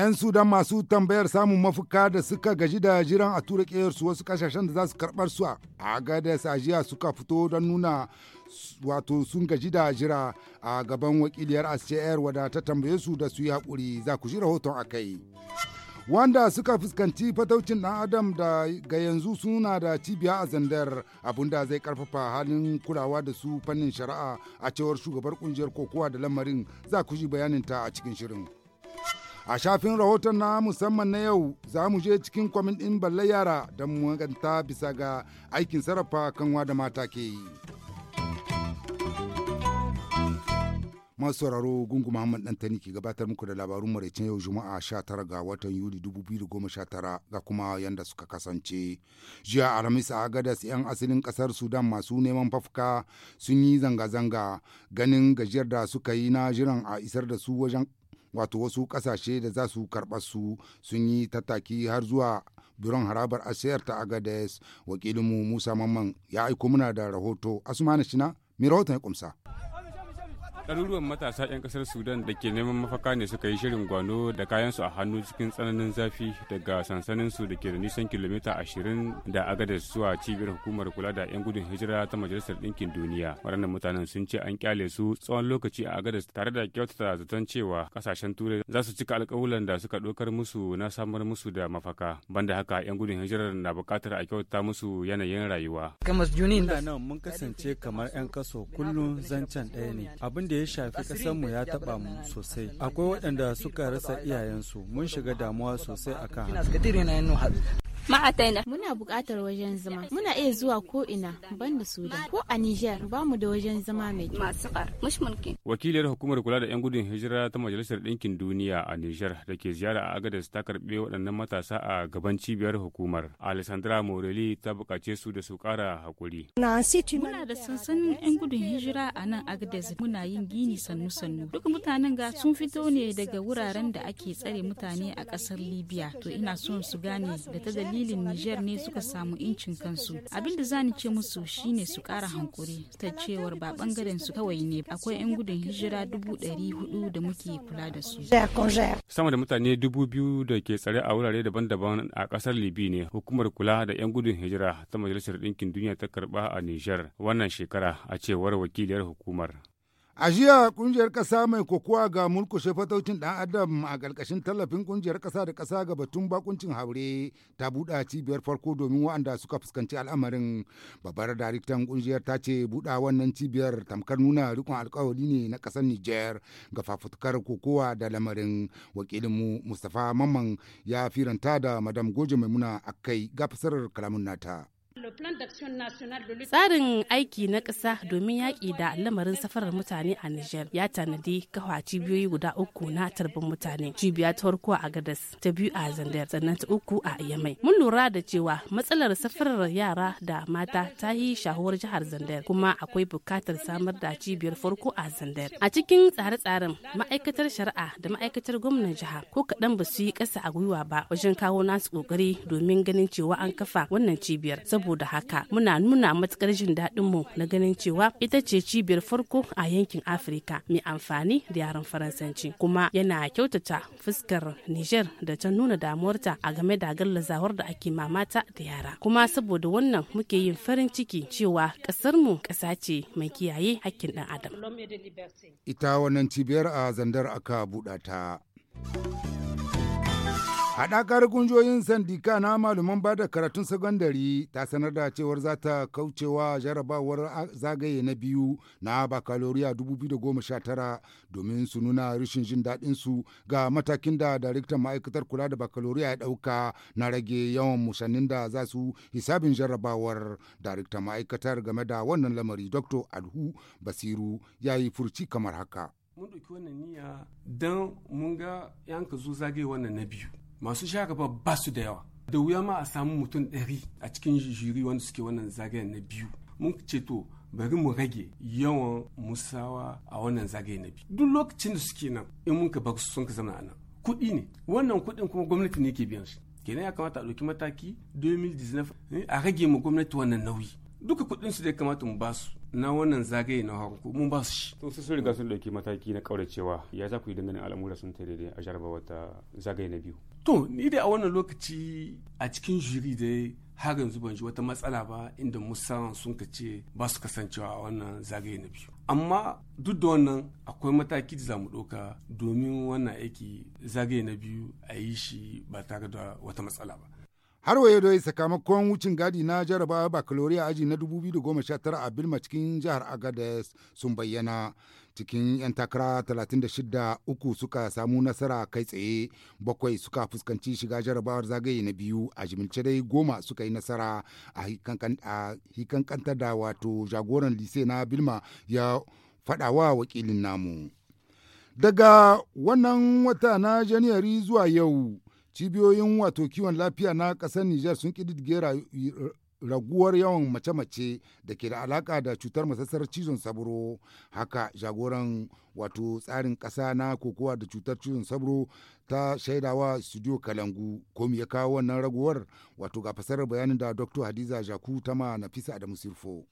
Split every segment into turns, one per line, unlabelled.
'yan sudan masu tambayar samun mafuka da suka gaji da jiran a tura su wasu kasashen da za su karɓar su a gada sajiya suka fito don nuna wato sun gaji da jira a gaban wakiliyar scr wadda ta tambaye su da su yi haƙuri za ku ji rahoton a kai wanda suka fuskanci fataucin dan adam da ga yanzu suna da cibiya a zandar abinda zai karfafa halin kulawa da su fannin shari'a a cewar shugabar kungiyar kokowa da lamarin za ku ji bayaninta a cikin shirin. A shafin rahoton na musamman na yau za mu je cikin kwamin ɗin balle yara don maganta bisa ga aikin sarrafa kanwa da mata ke yi. Masu sauraro gungu Muhammad Dantani ke gabatar muku da labarun maraicin yau Juma'a 19 ga watan Yuli 2019 ga kuma yanda suka kasance. Jiya Alhamis a gadas 'yan asalin kasar Sudan masu neman fafka sun yi zanga-zanga ganin gajiyar da suka yi na jiran a isar da su wajen wato wasu kasashe da za su karɓa su sun yi tattaki har zuwa biron harabar asiyar ta agades wakilinmu musa mamman ya aiko muna da rahoto na shina mai rahoton ya kumsa
ɗaruruwan matasa 'yan ƙasar sudan da ke neman mafaka ne suka yi shirin gwano da kayansu a hannu cikin tsananin zafi daga sansaninsu da ke da nisan kilomita 20 da agadar zuwa cibiyar hukumar kula da 'yan gudun hijira ta majalisar ɗinkin duniya waɗannan mutanen sun ce an kyale su tsawon lokaci a agadar tare da kyautata zaton cewa ƙasashen turai za su cika alƙawuran da suka ɗaukar musu na samar musu da mafaka banda haka 'yan gudun hijirar na buƙatar a kyautata musu yanayin rayuwa. kamar nan mun kasance kamar 'yan kaso kullum zancen ɗaya ne abin da ya shafi mu ya taɓa mu sosai. Akwai waɗanda suka rasa iyayensu mun shiga damuwa sosai akan
ma'ataina muna buƙatar wajen zama muna iya zuwa ko ina banda sudan ko a niger ba mu da wajen zama mai kyau
wakiliyar hukumar kula da 'yan gudun hijira ta majalisar ɗinkin duniya a niger da ke ziyara a agadez ta karɓe waɗannan matasa a gaban cibiyar hukumar alessandra morelli ta buƙace su da su ƙara hakuri
muna da sansanin 'yan gudun hijira a nan agadez muna yin gini sannu-sannu duk mutanen ga sun fito ne daga wuraren da ake tsare mutane a ƙasar libya to ina son su gane da ta dalilin Nijar ne suka samu incin kansu. Abin da zani ce musu shine su kara hankuri ta cewar ba bangaren su kawai ne akwai 'yan gudun hijira dubu ɗari hudu da muke kula da su.
Sama da mutane dubu biyu da ke tsare a wurare daban-daban a ƙasar Libi ne hukumar kula da 'yan gudun hijira ta Majalisar Ɗinkin Duniya ta karɓa a Nijar wannan shekara a cewar wakiliyar hukumar.
A jiya kungiyar ƙasa mai kokowa ga murkushe fataucin ɗan adam a ƙarƙashin tallafin kungiyar ƙasa da ƙasa ga batun bakuncin haure ta buɗa cibiyar farko domin waɗanda suka fuskanci al'amarin. Babbar daraktan kungiyar ta ce buɗa wannan cibiyar tamkar nuna rikon alkawari ne na ƙasar Nijar ga fafutukar kokowa da lamarin. Wakilinmu Mustapha Mamman ya firanta da Madam Goje Maimuna akai ga fasarar kalamun nata.
Tsarin aiki na ƙasa domin yaƙi da lamarin safarar mutane a Nijar ya tanadi kafa cibiyoyi guda uku na tarbin mutane. Cibiya ta farko a Gadas, ta biyu a Zandar, sannan ta uku a Yamai. Mun lura da cewa matsalar safarar yara da mata ta yi shahuwar jihar Zandar kuma akwai buƙatar samar da cibiyar farko a Zandar. A cikin tsare-tsaren ma'aikatar shari'a da ma'aikatar gwamnan jiha ko kaɗan ba su yi ƙasa a gwiwa ba wajen kawo nasu ƙoƙari domin ganin cewa an kafa wannan cibiyar. saboda haka muna nuna matukar jin daɗin mu na ganin cewa ita ce cibiyar farko a yankin afirka mai amfani da yaren faransanci kuma yana kyautata fuskar niger da ta nuna damuwarta a game da gallazawar da ake mamata da yara kuma saboda wannan muke yin farin ciki cewa mu ƙasa ce mai kiyaye hakkin ɗan adam
ita wannan cibiyar a zandar aka buɗata. Haɗakar kungiyoyin sandika na malaman ba da karatun sakandare ta sanar da cewar za ta kaucewa jarabawar zagaye na biyu na bakaloriya 2019 domin su nuna rashin jin daɗinsu ga matakin da daraktan ma'aikatar kula da bakaloriya ya ɗauka na rage yawan musannin da za su hisabin jarabawar daraktan ma'aikatar game da wannan lamari Dr. Alhu Basiru ya yi furci kamar haka.
Mun dauki wannan niyya don mun ga yanka zo zagaye wannan na biyu. masu sha gaba ba su da yawa da wuya ma a samu mutum ɗari a cikin jiri wanda suke wannan zagayen na biyu mun ce to bari mu rage yawan musawa a wannan zagaye na biyu duk lokacin da suke nan in mun ka bar su sun ka zama a nan kuɗi ne wannan kuɗin kuma gwamnati ne ke biyan shi kenan ya kamata a ɗauki mataki 2019 a rage ma gwamnati wannan nauyi duka kuɗin su da ya kamata mu basu. na wannan zagaye na harko mun ba su shi. to sai sun riga sun ɗauki mataki na ƙauracewa ya za ku yi dangane al'amura sun ta daidai a jarabawa ta zagaye na biyu. to ni dai a wannan lokaci a cikin jiri da har yanzu ban ji wata matsala ba inda musamman sun ka ce ba su kasancewa a wannan zagaye na biyu amma duk da wannan akwai mataki da zamu ɗauka domin wannan aiki zagaye na biyu a yi shi ba tare da wata matsala ba
har waye dai sakamakon wucin gadi na jarabawa baccalaureate aji na 2019 a bilma cikin jihar agadez sun bayyana cikin 'yan takara 36 uku suka samu nasara kai tsaye bakwai suka fuskanci shiga jarabawar zagaye na biyu a jimilce dai goma suka yi nasara a hikankantar da wato jagoran lise na bilma ya faɗawa wakilin namu daga wannan wata na janairu zuwa yau cibiyoyin wato kiwon lafiya na ƙasar Nijar sun ƙididdige raguwar yawan mace-mace da ke da alaka da cutar masassar cizon sabro haka jagoran wato tsarin ƙasa na kokowa da cutar cizon sabro ta shaidawa studio kalangu komi ya kawo wannan raguwar wato ga fasarar bayanin da dr hadiza jaku tama nafisa da musirfo.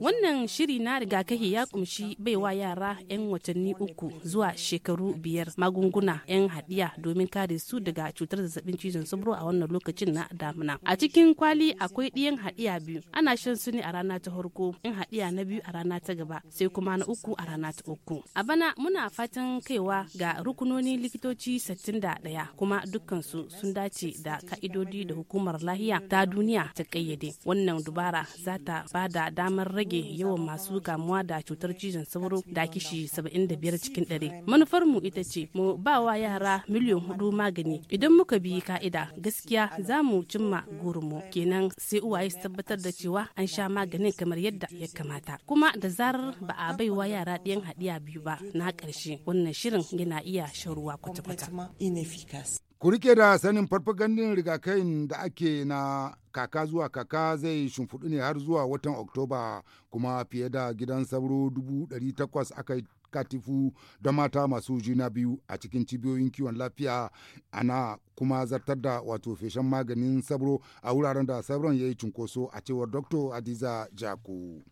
Wannan shiri na rigakafi ya kumshi baiwa yara 'yan watanni uku zuwa shekaru biyar magunguna 'yan hadiya domin kare su daga cutar zazzabin cizon sauro a wannan lokacin na damuna. A cikin kwali akwai ɗiyan hadiya biyu ana shan su ne a rana ta farko in hadiya na biyu a rana ta gaba sai kuma na uku a rana ta uku. A bana muna fatan kaiwa ga rukunonin likitoci ɗaya kuma dukkansu sun dace da ka'idodi da hukumar lahiya ta duniya ta ƙayyade Wannan dubara za za ta ba da damar rage yawan masu kamuwa da cutar cizon sauro da kishi 75 cikin dare Manufar mu ita ce mu ba wa yara miliyan hudu magani idan muka bi ka'ida gaskiya za mu cimma gurinmu kenan sai uwaye su tabbatar da cewa an sha maganin kamar yadda ya kamata kuma da zarar ba a bai wa yara ɗiyan haɗiya biyu ba na ƙarshe wannan shirin yana iya shan ruwa kwata-kwata.
Ku rike da sanin farfagandun rigakafin da ake na kaka zuwa kaka zai shimfiɗu ne har zuwa watan oktoba kuma fiye da gidan sauro takwas aka katifu da mata masu juna biyu a cikin cibiyoyin kiwon lafiya ana kuma zartar da wato feshen maganin sabro a wuraren da sabron ya yi cunkoso a cewar dr adiza jako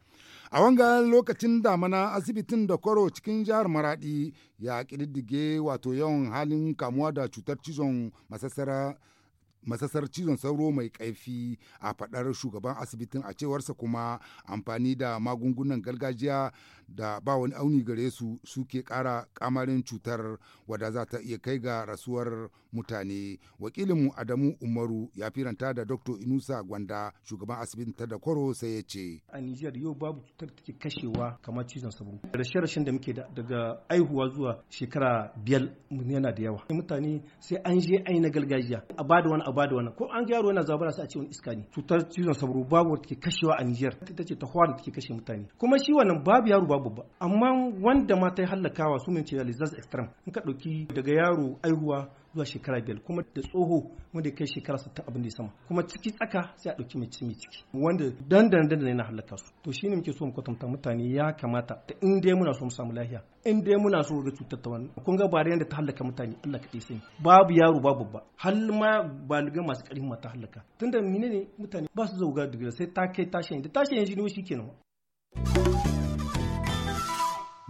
a wanga lokacin damana asibitin da kwaro cikin jihar maradi ya ƙididdige wato yawan halin kamuwa da cutar cizon masassara masasar cizon sauro mai kaifi a faɗar shugaban asibitin a cewarsa kuma amfani da magungunan gargajiya da ba wani auni gare su suke ƙara kamarin cutar wadda za ta iya kai ga rasuwar mutane wakilinmu adamu umaru ya firanta da dr inusa gwanda shugaban asibitin da kwaro sai ya ce a nijiyar yau babu cutar take kashewa kamar cizon sabon
rashe-rashen da muke daga aihuwa zuwa shekara biyar yana da yawa mutane sai an je ai na gargajiya a bada wani a bada wani ko an yaro yana zabara sai a ce wani iska ne cutar cizon sabon babu take kashewa a nijiyar ita ce ta hwara take kashe mutane kuma shi wannan babu yaro babu ba amma wanda ma ta yi hallakawa su ne cewa lizaz extreme in ka ɗauki daga yaro aihuwa zuwa shekara biyar kuma da tsoho wanda kai shekara ta abin da sama kuma ciki tsaka sai a ɗauki mai ciki ciki wanda dandan dandan yana hallaka su to shine muke so mu kwatanta mutane ya kamata ta in dai muna so mu samu lafiya in dai muna so ga cutar ta wannan kun ga ba da ta halaka mutane Allah kaɗai sani babu yaro babu ba hal ma baliga masu ƙarfi ma ta halaka tunda menene mutane ba su zauga da sai ta kai tashin da tashin yanzu ne shi kenan Thank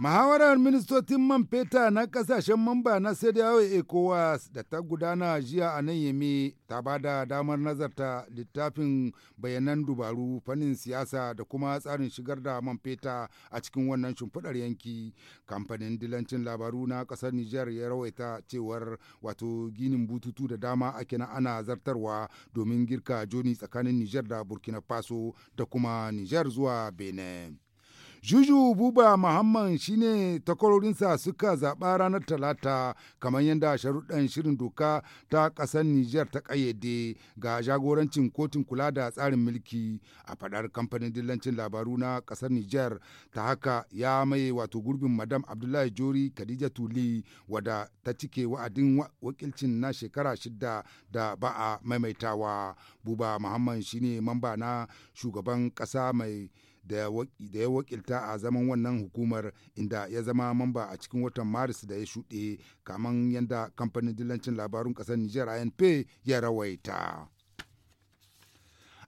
mahawarar ministocin man feta na kasashen mamba na Sadiyawa ECOWAS da ta gudana jiya a nan yame ta ba da damar nazarta littafin bayanan dubaru fannin siyasa da kuma tsarin shigar da man feta a cikin wannan shimfiɗar yanki. Kamfanin dilancin labaru na ƙasar Nijar ya rawaita cewar wato ginin bututu da dama ake na ana zartarwa domin girka joni tsakanin Nijar da Burkina Faso da kuma Nijar zuwa Benin. Juju Buba Muhammad shine takwarorinsa suka zaɓa ranar Talata kamar yadda sharuɗan shirin doka ta ƙasar Nijar ta ƙayyade ga jagorancin kotun kula da tsarin mulki a faɗar kamfanin dillancin labaru na ƙasar Nijar ta haka ya maye wato gurbin Madam Abdullahi Jori Khadija Tuli wada ta cike wa'adin wakilcin na shekara shida da ba a maimaitawa. Buba Muhammad shine mamba na shugaban ƙasa mai da ya wakilta a zaman wannan hukumar inda ya zama mamba a cikin watan maris da ya shuɗe kaman yadda kamfanin dillancin labarun ƙasar nijar inp ya rawaita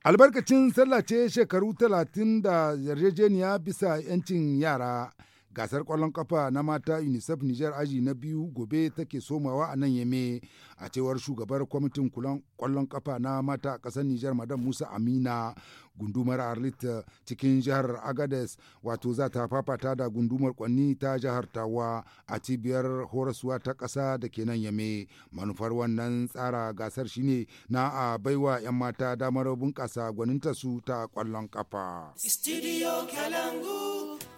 albarkacin sallah ce shekaru talatin da yarjejeniya bisa 'yancin yara gasar kwallon kafa na mata unicef niger aji na biyu gobe take somawa a nan yame a cewar shugabar kwamitin kwallon kafa na mata a ƙasar niger madam musa amina gundumar arlit cikin jihar agades wato za ta fafata da gundumar kwanni ta jihar tawa a cibiyar horaswa ta kasa da ke nan yame manufar wannan tsara gasar shine na a baiwa 'yan mata damar bunƙasa gwaninta su ta kwallon kafa.
Studio Kalangu.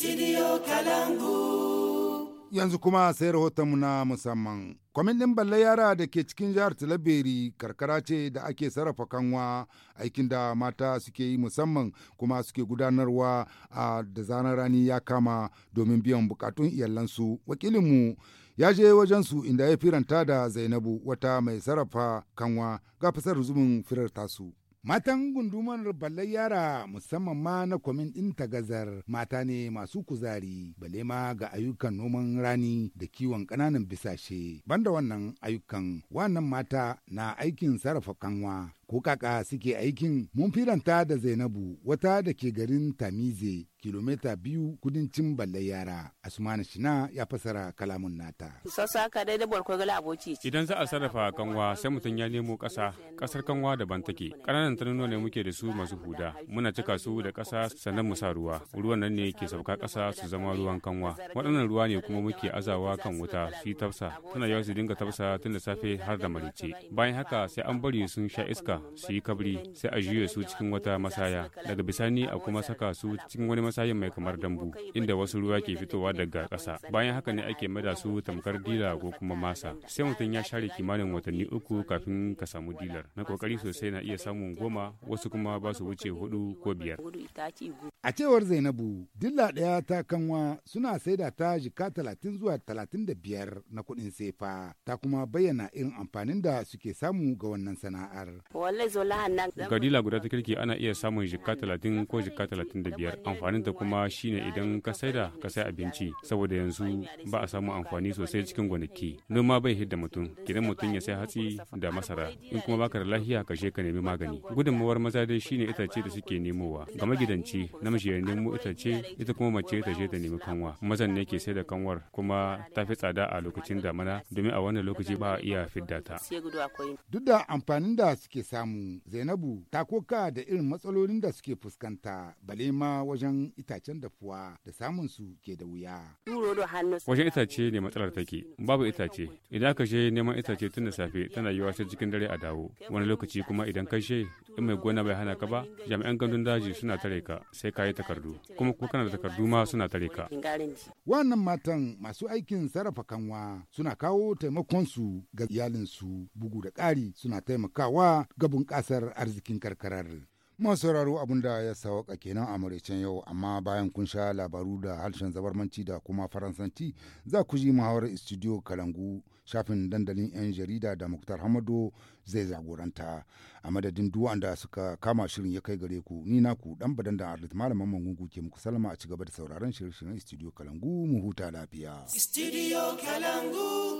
Studio Kalangu.
Yanzu kuma sai rahotonmu na musamman. Kwamitin balle yara da ke cikin jihar Talabiri karkara ce da ake sarrafa kanwa aikin da mata suke yi musamman kuma suke gudanarwa a da zanen rani ya kama domin biyan bukatun iyalansu. Wakilinmu ya je wajensu inda ya firanta da Zainabu wata mai sarrafa kanwa ga fasar zumin firar tasu. Matan gundumar ballar yara musamman ma na kwamin ɗin tagazar mata ne masu kuzari bale ma ga ayyukan noman rani da kiwon ƙananan bisashe banda wannan ayyukan wannan mata na aikin sarrafa kanwa ko kaka suke aikin mun firanta da zainabu wata da ke garin tamize kilomita biyu kudincin balle yara asmanu shina ya fasara kalamun nata
sassaka dai da gala aboki
idan za a sarrafa kanwa sai mutum ya nemo kasa kasar kanwa daban take ƙananan tanuno ne muke da su masu huda muna cika su da kasa sannan mu sa ruwa ruwan nan ne ke sauka kasa su zama ruwan kanwa waɗannan ruwa ne kuma muke azawa kan wuta su yi tafsa tana yawa su dinga tafsa tun da safe har da marice bayan haka sai an bari sun sha iska su yi kabri sai a juya su cikin wata masaya daga bisani a kuma saka su cikin wani masayin mai kamar dambu inda wasu ruwa ke fitowa daga ƙasa bayan haka ne ake mada su tamkar dila ko kuma masa sai mutum ya share kimanin watanni uku kafin ka samu dilar na kokari sosai na iya samun goma wasu kuma ba su wuce hudu ko biyar
a cewar zainabu dilla ɗaya ta kanwa suna saida ta jika talatin zuwa talatin da biyar na kuɗin sefa ta kuma bayyana irin amfanin da suke samu ga wannan sana'ar dila guda
ta kirki ana iya samun jikka talatin ko jikka talatin da biyar amfanin da kuma shine idan ka saida ka sai abinci saboda yanzu ba a samu amfani sosai cikin gonaki noma bai hidda mutum gidan mutum ya sai hatsi da masara in kuma baka da lafiya ka je ka nemi magani gudunmawar maza dai shine itace da suke nemowa ga magidanci namiji ya nemo itace ita kuma mace ta je ta nemi kanwa mazan ne ke sai da kanwar kuma ta fi tsada a lokacin damana domin a wannan lokaci ba a iya fidda ta
duk da amfanin da suke sa samu zainabu ta koka da irin matsalolin da suke fuskanta bale ma wajen itacen dafuwa da samun su ke da wuya wajen
itace ne matsalar take babu itace idan ka je neman itace tun da safe tana yiwa sai cikin dare a dawo wani lokaci kuma idan ka she in mai gona bai hana ka ba jami'an gandun daji suna tare ka sai ka yi takardu kuma ko kana da takardu ma suna tare ka
wannan matan masu aikin sarrafa kanwa suna kawo taimakon su ga iyalin su bugu da ƙari suna taimakawa ga bunƙasar arzikin karkarar. Masu sauraro abin da ya sawaka kenan a maraicen yau amma bayan kun sha labaru da harshen zabarmanci da kuma faransanci za ku ji muhawarar studio kalangu shafin dandalin 'yan jarida da muktar hamado zai jagoranta a madadin duwan da suka kama shirin ya kai gare ku ni na ku dan badan da arlit malaman mangungu ke muku salama a ci gaba da sauraron shirin studio kalangu mu huta lafiya.
Studio kalangu.